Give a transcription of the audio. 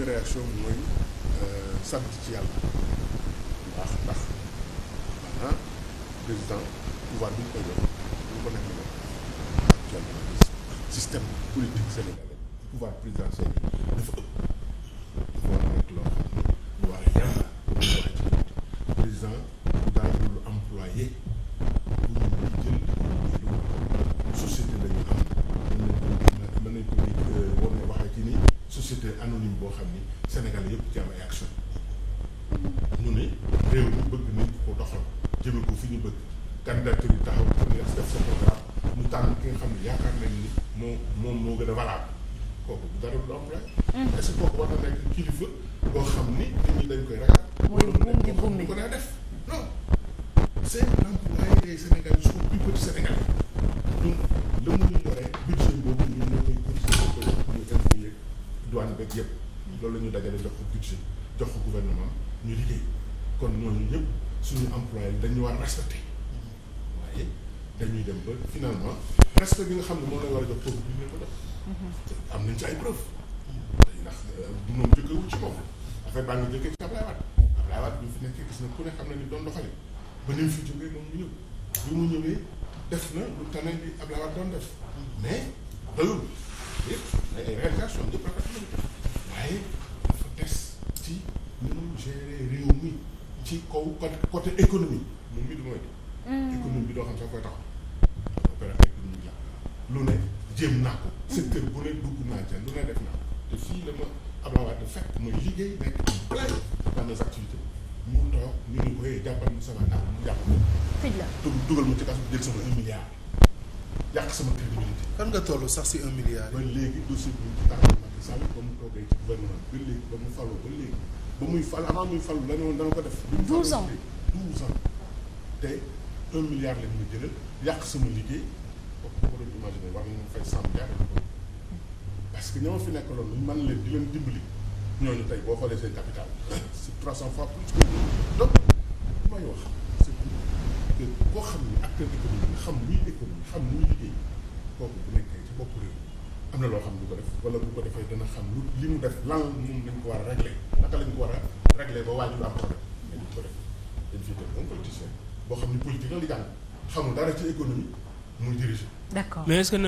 première réaction mooy euh, sant ndax ndax ah, président pouvoir bi ñu koy jox lu politique sénégalais pouvoir présidentiel dafa ëpp dafa war a nekk loo lu war a lu war lu employé bu jël boo xam ni Sénégal yëpp ci am ay action ñu ne réew mi bëgg nañ ko doxal jëme ko fi ñu bëgg candidature yi taxaw ku nekk def sa programme ñu tànn ki nga xam ne yaakaar nañ ni moo moom moo gën a valable kooku dara du am rek est-ce que kooku war na nekk kilifa boo xam ni nit ñi dañ koy ragal mooy buum di buum di ko daa def non c'est l'employé des Sénégalais sont plus petits Sénégalais donc la mu ñu yoree budget boobu ñun ñoo koy cotiser ñu impôt yeeg douane beeg yëpp loolu la ñu dajale jox ko budget jox ko gouvernement ñu liggéey kon ñooñu ñëpp suñu employé dañu war respecté waaye dañuy dem ba finalement respect bi nga xam ne moom lañ war a jox pour bi ñu ko def mm-hmm. am nañ ci ay preuve dañ ndax euh, du moom jëkkewul ci moom affaire baa ngi jëkkee ci Ablaye Wade fi nekkee gis na ku ne xam na ni doon doxale ba ni mu fi jógee moom ñu ñëw bi mu ñëwee def na lu tane bi Ablaye Wade doon def mm-hmm. mais doyul yëpp ay gérer réew mi ci kaw côté économie moom mi du mooy hmm. économie bi doo xam sax ne jéem naa ko hmm. secteur bu ne la ma Abdoulaye Wade fekk ma liggéey nekk en plein dans mes mu toog ñu ne ko hey sama naaw mu jàppal ma dugal ma ci kaso jël sama un milliard yàq sama ba kan nga toll sax si un milliard ba léegi dossier bi ñu ci taxaw Macky ba mu toogee ba léegi ba mu faloo ba léegi ba muy fal avant muy fal la ne woon ko def. 12 ans 12 ans te 1 milliard lañ ma jëlal yàq sama liggéey kooku boo ko doon imaginer war nañu fay que ñoo fi nekk loolu man leen di leen dimbali ñooñu tey boo xoolee seen capital c'est 300 fois plus que donc koo xam ni acteur xam muy économie xam muy liggéey kooku bu nekkee ci bopp réew am na loo xam du ko def wala bu ko defee dana xam lu li mu def lan moom lañ ko war a régler naka lañ ko war a réglé ba wàññi lu am problème dañu ko def dañ fiy def un politicien boo xam ni politique la li jàng xamul dara ci économie muy diriger. d'accord mais est-ce